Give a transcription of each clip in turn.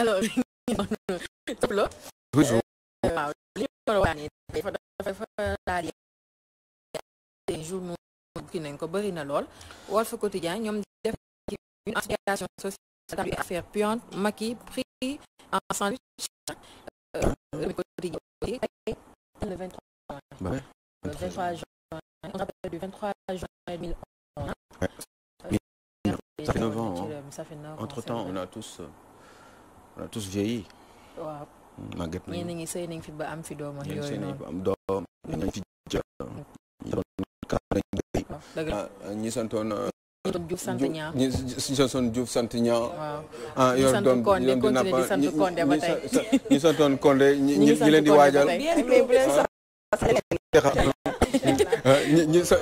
alors Soplo. toujours euh, waaw li dafa dafa daal di journaux kii nañ ko bëri na lool Walf Quotidien ñoom def une association sociale du affaire puante Macky pris en sandwich euh, le 23 juin le 23 juin on rappelle juin 2011 euh, on a tous on a tous vieilli. waaw màgget nañu ñenn ñi sëy nañ fi ba am fi doom ak yooyu noonu ñenn fi ñi santoon Diouf sant ñaa ah, ñi santoon Diouf sant ñaa ah yow doon yoon di nappa ñi santoon Condé ñi leen di waajal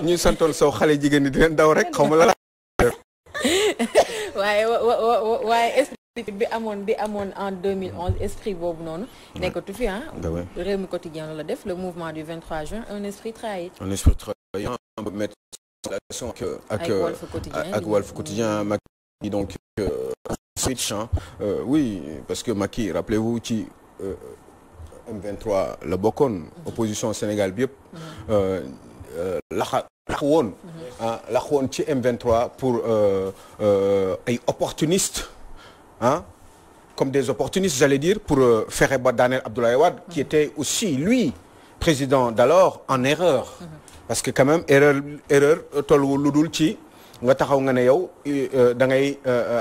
ñi santoon sow xale jigéen ñi di leen daw rek xaw ma la waaye waaye bi amoon bi amoon en 2011 esprit boobu noonu. nekkatu fi ah. réew mi quotidien la def le mouvement du 23 juin un esprit trahi. un esprit trahi bu ak ak ak Walf Quotidien mm. Macky donc euh, switch euh, oui parce que Macky rappelez-vous ci euh, M23 la bokkoon. Mm-hmm. opposition Sénégal bi yëpp. Mm-hmm. laxa lax woon. Mm-hmm. Ah, lax woon ci m pour ay opportuniste ah comme des opportunistes j'allais dire pour euh, fexe ba daaneel Abdoulaye Wade qui mhm. était aussi lui président d'alors en erreur mhm. parce que quand même erreur erreur euh, tollu lu dul ci nga taxaw nga ne yow euh, da ngay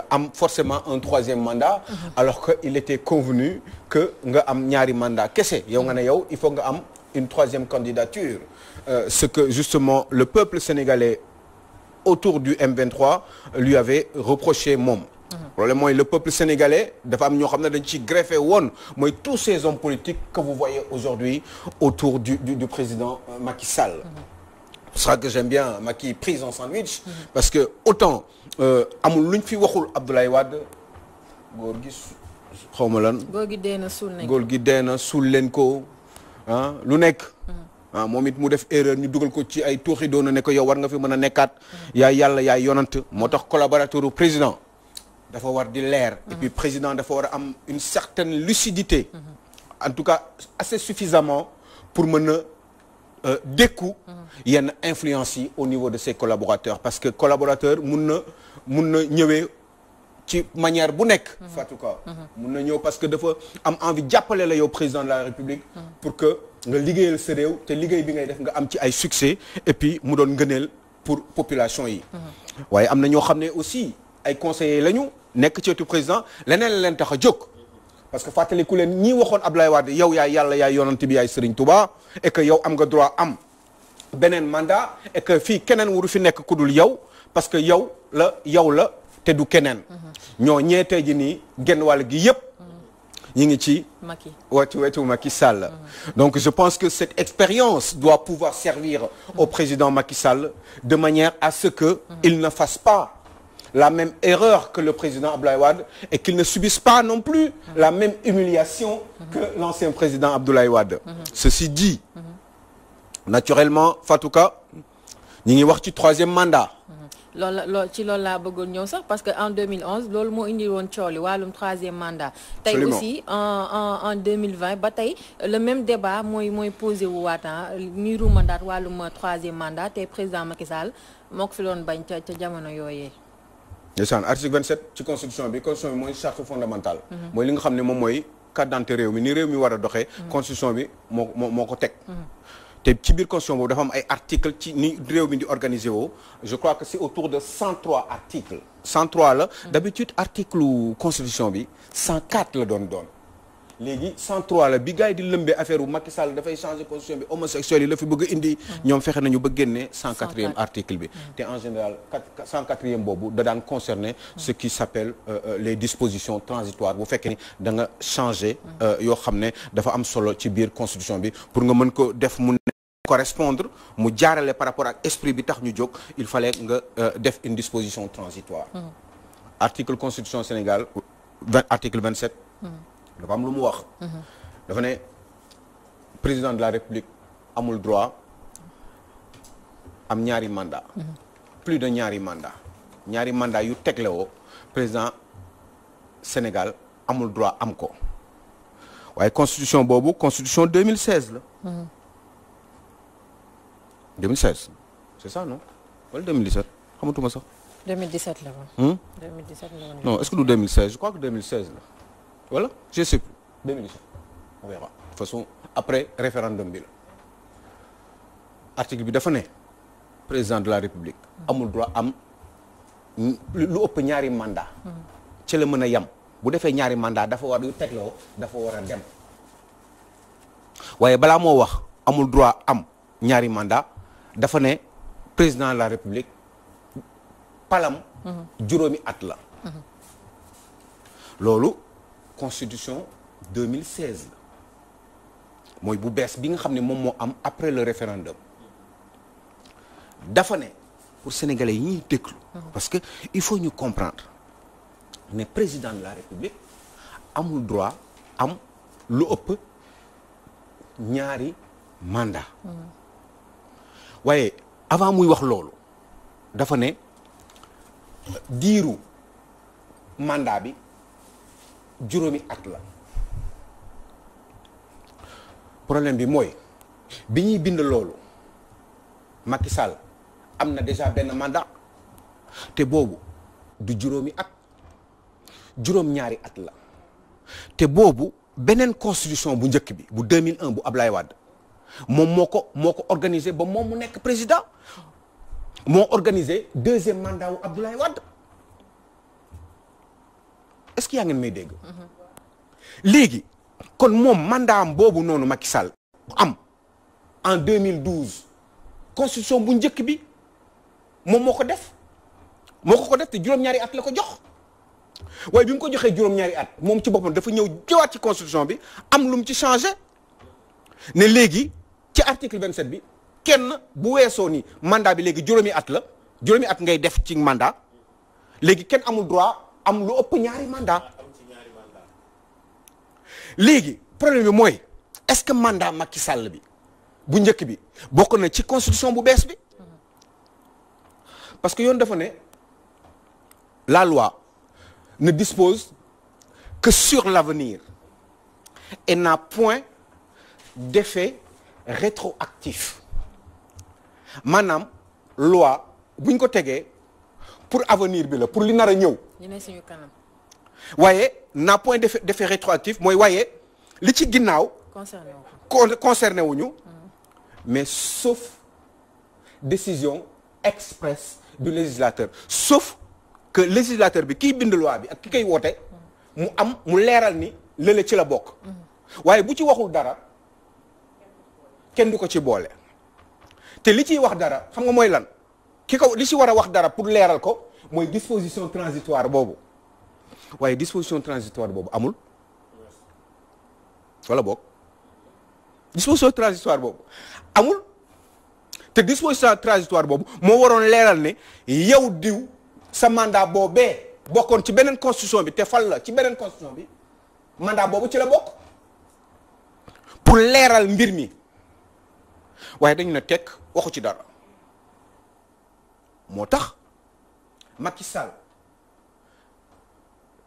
am forcément un troisième mandat mhm. alors que il était convenu que nga am ñaari mandat kese yow nga ne yow il faut nga am une troisième candidature euh, ce que justement le peuple sénégalais autour du M23 lui avait reproché moom Mhm. problème mooy le peuple sénégalais dafa am ñoo xam ne dañ ci greffé woon mooy tous ces hommes politiques que vous voyez aujourd'hui autour du, du, président euh, Macky Sall mhm. c'est que j'aime bien Macky prise en sandwich mhm. parce que autant euh, amul lu ñu fi waxul Abdoulaye Wade góor gi xaw ma lan góor gi deena suul leen ko ah, lu nekk ah moom it mu def erreur ñu dugal ko ci ay tuuxi doona ne ko yow war nga fi mën a nekkaat yaay yàlla yaay yonant moo tax collaborateur président dafa war di leer. et président dafa war a am une certaine lucidité. en tout cas assez suffisamment pour mën na euh, yenn influence yi au niveau de ses collaborateurs parce que collaborateur mun na mun na ñëwee. ci manière bu nekk Fatou Ka mun na ñëw parce que dafa am envie jàppale la yow président de la République pour que nga liggéeyal sa réew te liggéey bi ngay def nga am ci ay succès et puis mu doon ngëneel pour population yi mhm. waaye am na ñoo xam ne aussi ay conseillers lañu nekk ci wetu président leneen leen tax a jóg parce que ku leen ñi waxoon Abdoulaye Wade yow yaay yàlla yaay yonant bi yaay Serigne Touba et que yow am nga droit am beneen mandat et que fii keneen waru nekk ku dul yow parce que yow la yow la te du keneen. Mhm. ñoo ñee tey ji nii genn wàll gi yëpp. ñi ngi ci wetu wetu Macky Sall mhm. donc je pense que cette expérience doit pouvoir servir au président Macky Sall de manière à ce que mhm. il ne fasse pas la même erreur que le président Abdoulaye Wade et qu'il ne subisse pas non plus la même humiliation que l'ancien président Abdoulaye Wade. Mhm. Ceci dit, mhm. naturellement Fatouka ñi ngi wax ci troisième mandat. loolu mhm. loolu ci loolu laa bëggoon sax parce que en 2011 loolu moo indi woon li wàllum troisième mandat. tey aussi en en en 2020 ba tey le même débat mooy mooy posé wu waata ah, miiru mandat wàllum troisième mandat te président Macky Sall moo fi doon bañ ca ca jamono yooyee. ndeysaan article 27 ci constitution bi mooy charte fondamentale mhm. mooy li nga xam ne moom mooy carte réew mi ni réew mi war a doxee mhm. constitution bi moo moo ko teg mhm. te ci biir constitution boobu dafa am ay articles ci ni réew mi di organiser je crois que c'est autour de 103 articles 103 la d'habitude article constitution bi 104 la doon doon léegi 103 la bi gars di lëmbee affaire bu Macky dafay changer constitution bi homosexuel la fi bëgg indi. ñoom fexe nañu ba génne 104e article bi. Mm. te en général 104e boobu da daan concerner mm. ce qui s'appelle euh, euh, les dispositions transitoires bu fekkee ni da nga changer. Euh, yoo xam ne dafa am solo ci biir constitution bi pour nga mën ko def mu. correspondre mu jaarale par rapport ak esprit bi tax ñu jóg il fallait nga def une disposition transitoire. Mm. article constitution Sénégal article vingt sept. dafa am lu mu wax. dafa ne président de la république amul droit am ñaari mandat plus de ñaari mandat ñaari mandat yu teg tegle woo président Sénégal amul droit am ko waaye constitution boobu constitution 2016 la. 2016 c'est ça non wala 2017 xamatuma sax. 2017 la woon. 2017 hmm? la woon. non est-ce que du je crois que la. voilà je sais plus après référendum bi la article bi dafa ne président de la république amul droit am lu ëpp ñaari mandat ci la mën a yem bu defee ñaari mandat dafa war yu tegloo dafa war a dem waaye balaa moo wax amul droit am ñaari mandat dafa ne président de la république palam mhm. juróomi at la loolu constitution 2016 la mooy bu bees bi nga xam ne moom moo am après le référendum dafa ne pour sénégalais yi ñuy déglu parce que il faut ñu comprendre ne président de la république amul droit am lu ëpp ñaari mandat waaye avant muy wax loolu dafa ne diiru mandat bi juróomi at la problème bi mooy bi ñuy bind loolu Macky am na déjà benn mandat te boobu du juróomi at juróom-ñaari at la te boobu beneen constitution bu njëkk bi bu 2001 bu Ablaye Wade moom moo ko moo ko organisé ba moom mu nekk président moo organisé deuxième mandat wu Abdoulaye Wade est-ce que yaa ngeen may dégg. léegi kon moom mandat am boobu noonu Macky Sall am en 2012 constitution bu njëkk bi moom moo ko def moo ko ko def te juróom-ñaari at la ko jox waaye bi mu ko joxee juróom-ñaari at moom ci boppam dafa ñëw jëwaat ci constitution bi am lu ci changé ne léegi ci article bi kenn bu weesoo ni mandat bi léegi juróomi at la juróomi at ngay def ci mandat léegi kenn amul droit. am lu ëpp ñaari mandat léegi problème bi mooy est-ce que mandat Macky sàll bi bu njëkk bi bokk na ci constitution bu bees bi parce que yoon dafa ne la loi ne dispose que sur l'avenir et n'a point d'effet rétroactif maanaam loi buñ ko tegee pour avenir bi la pour li nar a ñëw ñu ne suñu kanam. waaye naa point de d'effet rétroactif mooy waaye li ci ginnaaw. concerné wu concerné wuñu mais sauf décision express du législateur sauf que législateur bi kiy bind bi ak ki koy woote. mu am mu leeral ni lële ci la bokk. waaye bu ci waxul dara kenn du ko ci boole. te li ciy wax dara xam nga mooy lan ki ko li ci war a wax dara pour leeral ko. mooy disposition transitoire boobu waaye disposition transitoire boobu amul wala boog disposition transitoire boobu amul te disposition transitoire boobu moo waroon leeral ne yow diw sa mandat boobee bokkoon ci beneen constitution bi te fal la ci beneen constitution bi mandat boobu ci la bokk pour leeral mbir mi waaye dañu ne tekk waxu ci dara moo tax Macky Sall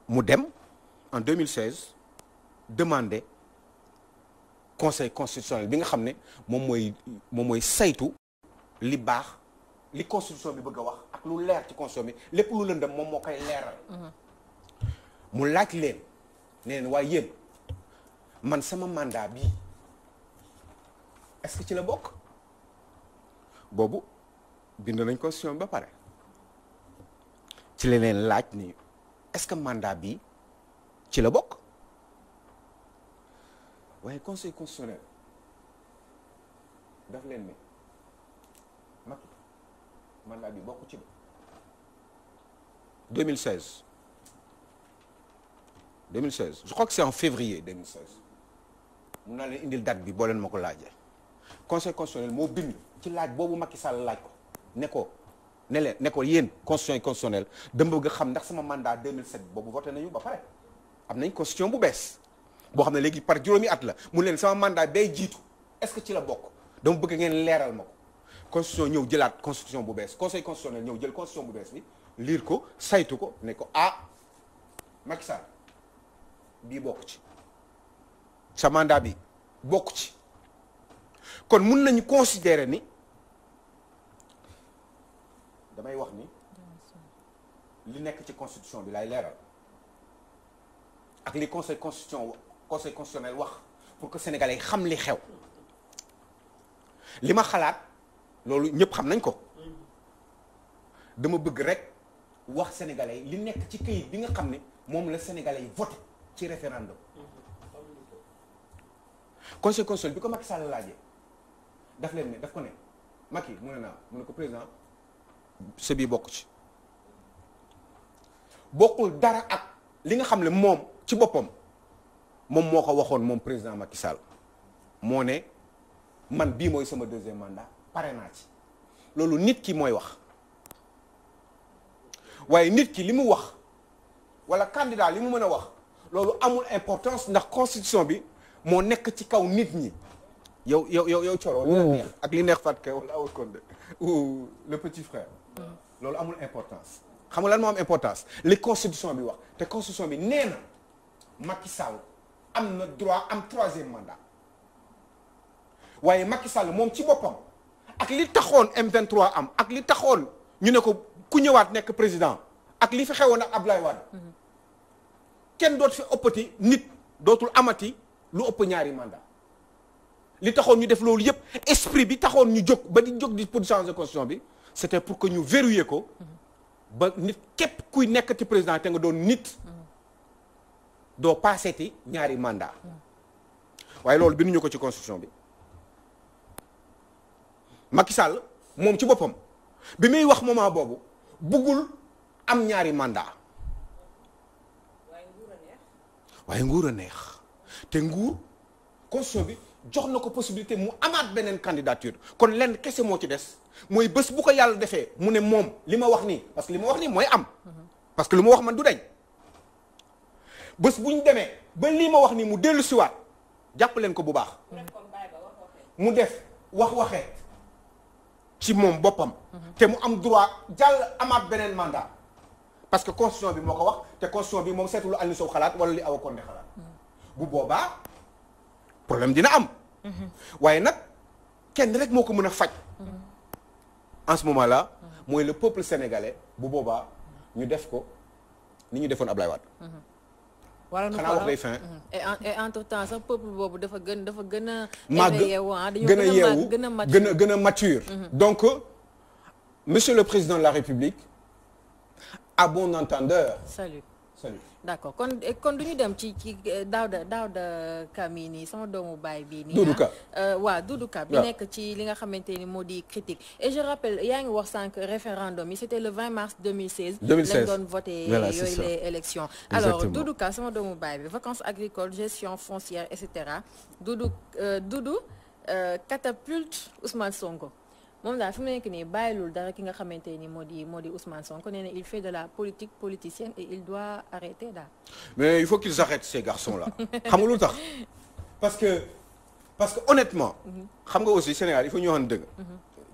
mu dem en 2016 demander conseil constitutionnel bi nga xam ne moom mooy saytu li baax li constitution bi bëgg a wax ak lu leer ci constitution bi lépp lu lëndëm moom moo koy leeral. Mm-hmm. mu laaj leen ne leen waaye yéen man sama mandat bi est-ce que ci la bokk boobu bind nañ constitution ba pare. ci leneen laaj ni est-ce que mandat bi ci la bokk waaye conseil constitutionnel daf leen ne Macky mandat bi bokk ci la 2016 2016 je crois que c'est en février 2016 mun naa leen indil date bi boo leen ma ko laajee conseil constitutionnel moo ci laaj boobu Macky Sall laaj ko ne ko ne leen ne ko yéen constitution yi constitutionnelle dama bëgg xam ndax sama mandat 2007 boobu voté nañu ba pare am nañ constitution bu bees boo xam ne léegi par juróomi at la mu leen sama mandat bay jiitu est-ce que ci la bokk dama bëgg ngeen leeral ma ko constitution ñëw jëlaat constitution bu bees conseil constitutionnel ñëw jël constitution bu bees bi liir ko saytu ko ne ko ah Macky Sall bii bokk ci sa mandat bi bokk ci kon mun nañu considérer ni damay wax ni li nekk ci constitution bi lay leeral ak li conseil constitution conseil constitutionnel wax pour que sénégalais yi xam li xew li ma xalaat loolu ñëpp xam nañ ko dama bëgg rek wax sénégalais yi li nekk ci këyit bi nga xam ne moom la sénégalais yi voté ci référendum conseil constitutionnel bi ko Macky Sall laajee daf leen ne daf ko ne Macky mu ne naa mu ne ko président sa bii bokk ci bokkul dara ak li nga xam ne moom ci boppam moom moo ko waxoon moom président Macky Sall moo ne man bii mooy sama deuxième mandat pare naa ci loolu nit ki mooy wax waaye nit ki li mu wax wala candidat li mu mën a wax loolu amul importance ndax constitution bi moo nekk ci kaw nit ñi yow yow yow yow coro neex ak li neex Fatou Kay wala Awa Konde ou le petit frère loolu amul importance xam nga lan moo am importance li constitution bi wax te constitution bi nee na Macky am na droit am troisième mandat waaye Macky Sall moom ci boppam ak li taxoon m am ak li taxoon ñu ne ko ku ñëwaat nekk président ak li fi xewoon ak Abdoulaye Wade kenn doot fi ëppati nit dootul amati lu ëpp ñaari mandat li taxoon ñu def loolu yëpp esprit bi taxoon ñu jóg ba di jóg di pour changer constitution bi c'était pour que ñu verrouiller ko ba nit képp kuy nekk ci président te nga doon nit doo paaseeti ñaari mandat waaye loolu binduñu ko ci constitution bi Macky Sall moom ci boppam bi muy wax moment boobu buggul am ñaari mandat waaye nguur a neex te nguur constitution bi jox na ko possibilité mu amaat beneen candidature kon lenn kese moo ci des mooy bés bu ko yàlla defee mu ne moom li ma wax nii parce que li ma wax nii mooy am. parce que lu ma wax man du dañ. bu ñu demee ba lii ma wax nii mu dellu siwaat jàpp leen ko bu baax. mu def wax waxee ci moom boppam. te mu am droit jàll amaat beneen mandat. parce que constitution bi moo ko wax te constitution bi moom seetlu Aliou Sow xalaat wala li Awa Konde bu boobaa. problème dina am. waaye nag kenn rek moo ko mën a faj. en ce moment là. mooy le peuple sénégalais bu boobaa ñu def ko ni ñu defoon Ablaye Wade. wala nu xanaa wax day fin. entre temps sax peuple boobu dafa gën a. màgg gën a yeewu gën a a gën a mature. Mm-hmm. donc monsieur le président de la république à bon entendeur. d'accord kon eh, kon du ñu dem ci ci da eh, Daouda Ka mii nii sama doomu baay bii nii. Doudou waa ah. euh, waaw Doudou Ka. bi nekk ci li nga xamante ni moo di critique et je rappelle yaa ngi wax sànq référendum yi c'était le 20 mars 2016. 2016 lañ doon voté yooyu les élections. alors Doudou Ka sama doomu baay bi vacances agricoles gestion foncière et cetera Doudou euh, Doudou euh, catapulte ousman Sonko. moom daal fi mu nekk nii bàyyilul dara ki nga xamante ni moo di moo di Ousmane Sonko nee na il fait de la politique politicienne et il doit arrêter daal. mais il faut qu'ils arrêtent ces garçons là xam que parce que honnêtement. xam nga aussi Sénégal il faut ñu waxoon dëgg.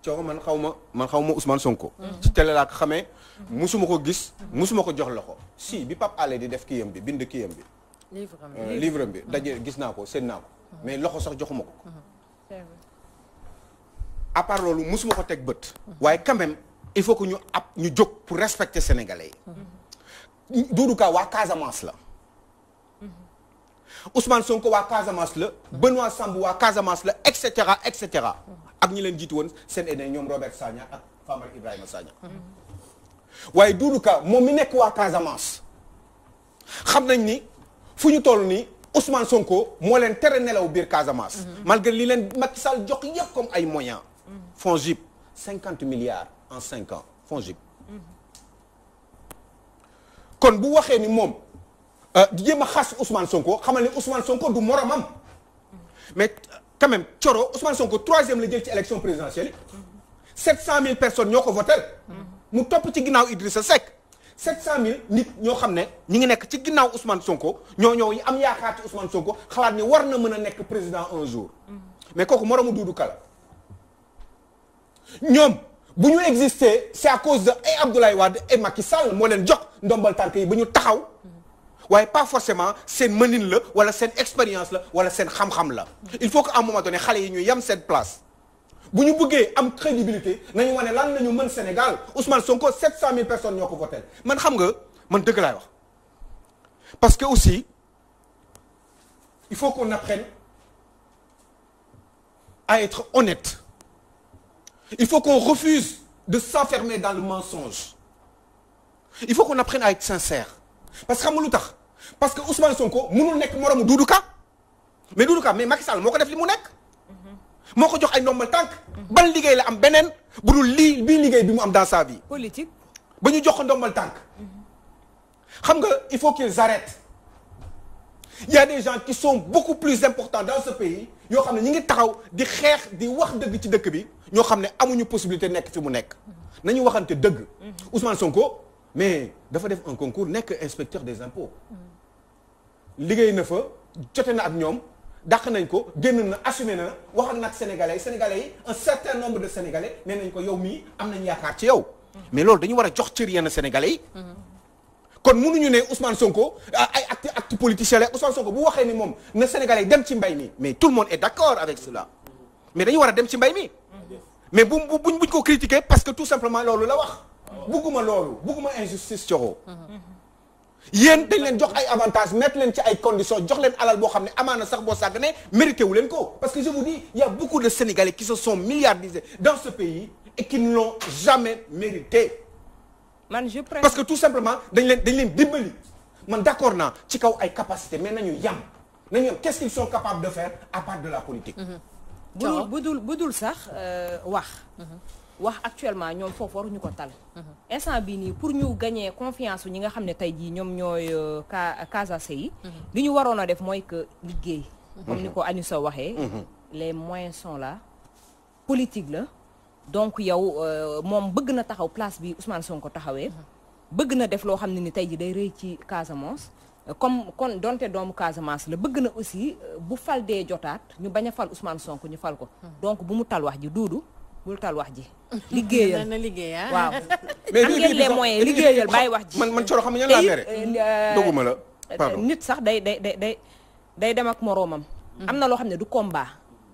coono man xaw ma man xaw ma ci télé laa ko xamee. musuma ko gis musuma ko jox loxo si bi Pape Alé di def kiyam bi bind kiyam bi. livre am bi euh, livre am bi gis naa ko seen naa ko. mais loxo sax joxuma ko. à part loolu musuma ko teg bët. waaye quand même il faut que ñu ab ñu jóg pour respecter sénégalais yi. Doudou waa Casamance la. Ousmane Sonko waa Casamance la. Benoît Sambou waa Casamance la et cetera et ak ñi leen jiitu woon seen aîné ñoom Robert Sagna ak Famara Ibrahima Sagna. waaye Doudou moom mi nekk waa Casamance. xam nañ ni fu ñu toll nii Ousmane Sonko moo leen tere nelaw biir Casamance. Mhm. malgré li leen Macky Sall jox yëpp comme ay moyens. FONGIP cinquante milliards en cinq ans FONGIP kon bu waxee ni moom euh, di jéem a xas Ousmane Sonko xamal ne Ousmane Sonko du moromam mais euh, quand même Coro Ousmane Sonko troisième la jël ci élection présidentielle sept cent mille personnes ñoo ko votel mu topp ci ginnaaw sa Seck sept cent mille nit ñoo xam ne ñu ngi nekk ci ginnaaw Ousmane Sonko ñoo ñoo yi am yaakaar ci Ousmane Sonko xalaat ni war na mën a nekk président un jour mais kooku moroomu Doudou Kala ñoom bu ñu exister c'est à cause de ay Abdoulaye Wade et Macky Sall moo leen jox ndombal tànk yi ba ñu taxaw waaye pas forcément seen mën mënin la wala seen expérience la wala seen xam-xam la il faut que à un moment donné xale yi ñu yem seen place bu ñu buggee am crédibilité nañu wane lan la ñu mën Sénégal Ousmane Sonko 700000 personnes ñoo ko voté man xam nga man dëgg laay wax parce que aussi il faut qu'on apprenne à être honnête Il faut qu'on refuse de s'enfermer dans le mensonge. Il faut qu'on apprenne à être sincère. parce que xam nga lu tax parce que Ousmane Sonko mënul nekk moromu Doudou Ka mais Doudou Ka mais Macky Sall moo ko def li mu nekk. Mhm. moo ko jox ay ndombal tànk. ban liggéey la am beneen bu dul lii bii liggéey bi mu am dans sa vie. politique ba ñu jox ko ndombal tànk. Mhm. xam nga il faut qu'ils arrêtent il y a des gens qui sont beaucoup plus importants dans ce pays yoo xam ne ñi ngi taxaw di xeex di wax dëgg ci dëkk bi ñoo xam ne amuñu possibilité nekk fi mu nekk nañu waxante dëgg Ousmane Sonko mais dafa def un concours nekk inspecteur des impôts liggéey na fa jote na ak ñoom dàq nañ ko génn na assumé na wax ak nag sénégalais sénégalais yi un certain nombre de sénégalais nee nañ ko yow mii am nañ yaakaar ci yow mais loolu dañu war a jox cër yenn sénégalais kon ñu ne Ousmane Sonko euh, ay acte acte politicien la Ousmane Sonko bu waxee ni moom na Sénégalais dem ci mbay mi mais tout le monde est d'accord avec cela mais dañu war a dem ci mbay mi mais bu buñ buñ ko critiquer parce que tout simplement loolu la wax bugguma loolu bugguma injustice coxoo yéen dañ leen jox ay avantage mettre leen ci ay conditions jox leen alal boo xam ne amaan amaana sax boo sàgganee mérité wu leen ko parce que je vous dis il y a beaucoup de Sénégalais qui se sont milliardisés dans ce man je parce que tout simplement dañ leen dañ leen dimbali man d' accord naa ci kaw ay capacité mais nañu yam nañu yam qu' est ce qu' ils sont capables de faire à part de la politique. Mm-hmm. bu dul bu dul sax euh, wax. Mm-hmm. wax actuellement ñoom foofu waruñu ko tal. Mm-hmm. instant bii nii pour ñu gagner confiance ñi nga xam ne tey jii ñoom ñooy euh, casacé yi. li ñu waroon a def mooy que liggéey. comme ñu ko Anissa waxee. les moyens son la politique la. donc yow euh, moom bëgg na taxaw place bi Ousmane Sonko taxawee. bëgg na def loo xam ne ni tey ji day rëy ci Casamance. comme kon donte doomu Casamance la bëgg na aussi euh, bu fal dee jotaat ñu bañ a fal Ousmane sonk ñu fal ko. donc bu mu tal wax ji duudu bul tal wax ji. liggéeyal na liggéeyal ah. waaw. mais am ngeen wax ji. man man Coro xam nga laa mere. Euh, doguma la sax day day day day dem ak moroomam. Mm. am na loo xam ne du combat.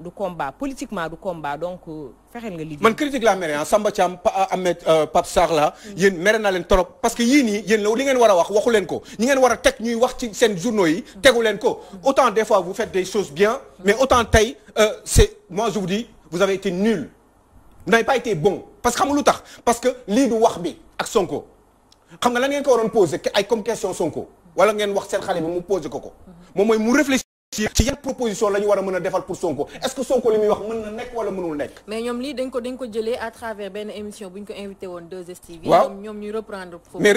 du combat politiquement du combat donc euh, fexeel nga liggéey. man critique laa mere ah Samba Thiam ah, Ahmed euh, Pape Sarr la yéen na leen trop parce que yii nii yéen la li ngeen war a wax waxu leen ko ñi ngeen war teg ñuy wax ci seen journaux yi tegu leen ko autant des fois vous faites des choses bien mais autant tey euh, c'est mois je vous dis vous avez été nul vous n'avez pas été bon parce que xam lu tax parce que lii du wax bi ak Sonko xam nga la ngeen ko waroon poser ay comme question wala ngeen wax seen xale bi mu poser ko ko ci yan proposition la ñu mën a defal pour Sonko est-ce que Sonko li muy wax mën na nekk wala mënul nekk. mais ñoom lii dañ ko dañ ko jëlee à travers benn émission bu ko invité woon 2STV. waaw reprendre. mais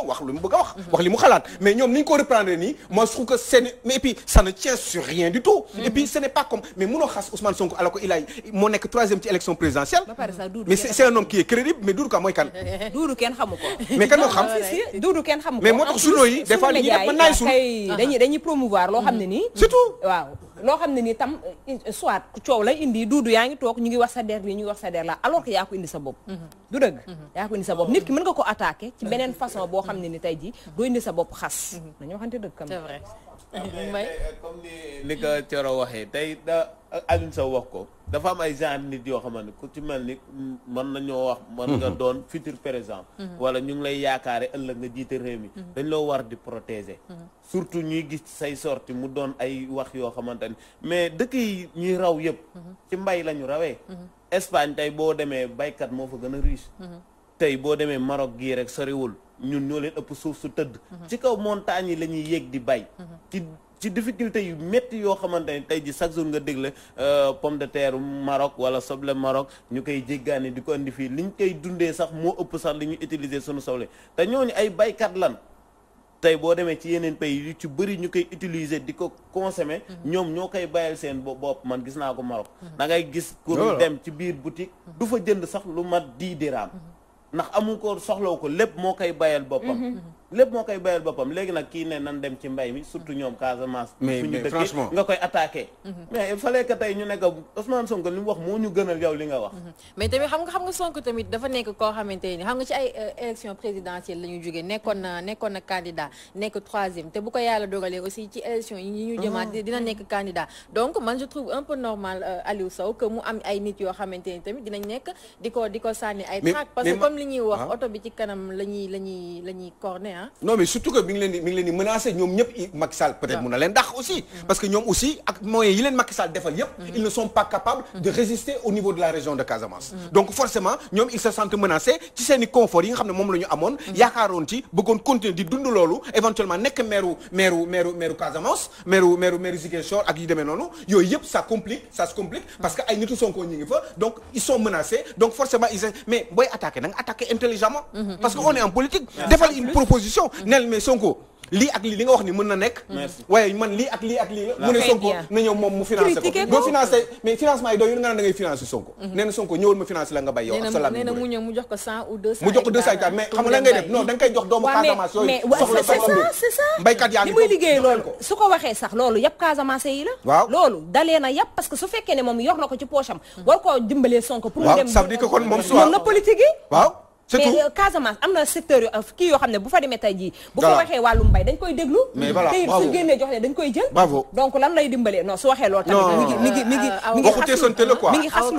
mhm. mu xalaat mais ñoom ni ñu ko reprendre nii moi je que c'est ne tient sur rien du tout. Mhm. et puis ce pas comme mais mënoo xas Ousmane Sonko alors que il moo nekk troisième ci élection présidentielle. mais c'est un homme qui crédible média yi kay dañuy dañuy promouvoir loo xam ne nii surtout waaw loo xam ne nii tam eh, soit coow la indi duudu yaa ngi toog ñu ngi wax sa der lii ñu ngi wax sa der la alors que yaa ko indi sa bopp du dëgg yaa ko indi sa bopp nit ki mën ko attaqué ci beneen façon boo xam ne ni tey ji doo indi sa bopp xas nañu waxante dëgg kam Alioune Sow wax ko dafa am ay genre nit yoo xamante ku ci mel ni mën nañoo wax. mën nga mhm. doon futur exemple mhm. wala ñu ngi lay yaakaare ëllëg nga jiite réew mi. Mhm. dañ loo war di protéger. surtout ñuy gis say sorti mu doon ay wax yoo xamante ni mais dëkk yi ñuy raw yëpp. ci mbay la ñu rawee. Espagne tey boo demee baykat moo fa gën a riche. tey boo demee Maroc gii rek soriwul ñun ñoo leen ëpp suuf su tëdd. ci kaw montagne yi la ñuy yéeg di bay. ci difficulté yu métti yoo xamante ni tey ji chaque jour nga déglu euh, pomme de terre Maroc wala soble Maroc ñu koy jéggaani di ko indi fii li liñ koy dundee sax moo ëpp sax li ñu utiliser sunu soble te ñoo ñooñu ay baykat lan tey boo demee ci yeneen pays yu ci bëri ñu koy utiliser di ko consommer mm-hmm. ñoom ñoo koy bayal seen bopp man gis naa ko Maroc mm-hmm. da ngay gis kur dem ci biir boutique mm-hmm. du fa jënd sax lu mat dix dirham ndax amul ko soxlaw ko lépp moo koy bayal boppam lépp moo koy bayal boppam léegi nag kii ne nan dem ci mbay mi surtout ñoom Casamance. mais mais franchement nga koy attaqué. Mhm. mais il fallait que ñu ne que Ousmane Sonko li mu wax mhm. xam nga xam nga Sonko tamit dafa nekk koo xamante ni xam nga ci ay euh, élection présidentielle la ñu jógee nekkoon na nekkoon na candidat nekk troisième te bu ko yàlla dogalee aussi ci élection yi ñu jëmaat mhm. dina nekk candidat donc man je trouve un peu normal euh, Aliou Sow que mu am ay nit yoo xamante ni tamit dinañ nekk di ko di ko sànni ay trac parce que comme li ñuy wax ah. oto bi ci kanam la ñuy la ñuy la ñuy ah. mais surtout que mi leen di ñoom ñëpp Macky Sall peut na leen dàq aussi. Mm-hmm. parce que ñoom aussi ak moyens yi leen defal yëpp. Mm-hmm. ils ne sont pas capables de mm-hmm. résister au niveau de la région de Casamance. donc forcément ñoom ils se sentent menacés ci seen confort yi nga xam ne moom la amoon. yaakaaroon ci bëggoon continuer di dund loolu éventuellement nekk meeru meeru Casamance meeru meeru meeru ak yu demee noonu yooyu yëpp ça complique ça se opposition nel mais Sonko lii ak lii li nga wax ni mën na nekk waaye man lii ak lii ak lii la mu ne Sonko na ñëw moom mu financé mhm. la nga bay yow asalaam nee mu ñëw mu jox ko mu jox ko deux cent hectares mais xam nga def non da nga jox doomu Casamance yooyu soxla soxla bi c'est ça mbaykat yaa ngi muy liggéey loolu su ko waxee sax loolu yëpp Casamance yi la waaw loolu dalee na yëpp parce que su fekkee ne moom yor ko ci poche mm. war koo dimbalee surtout mais euh, Casamance am na secteur yu euh, kii yoo xam ne bu fa demee tey jii. bu ko waxee wàllum mbay dañ koy déglu. mais voilà bravo tey su génnee jox leen lan lay dimbalee non su waxee loolu. tamit mi ngi mi ngi mi ngi mi ngi xasul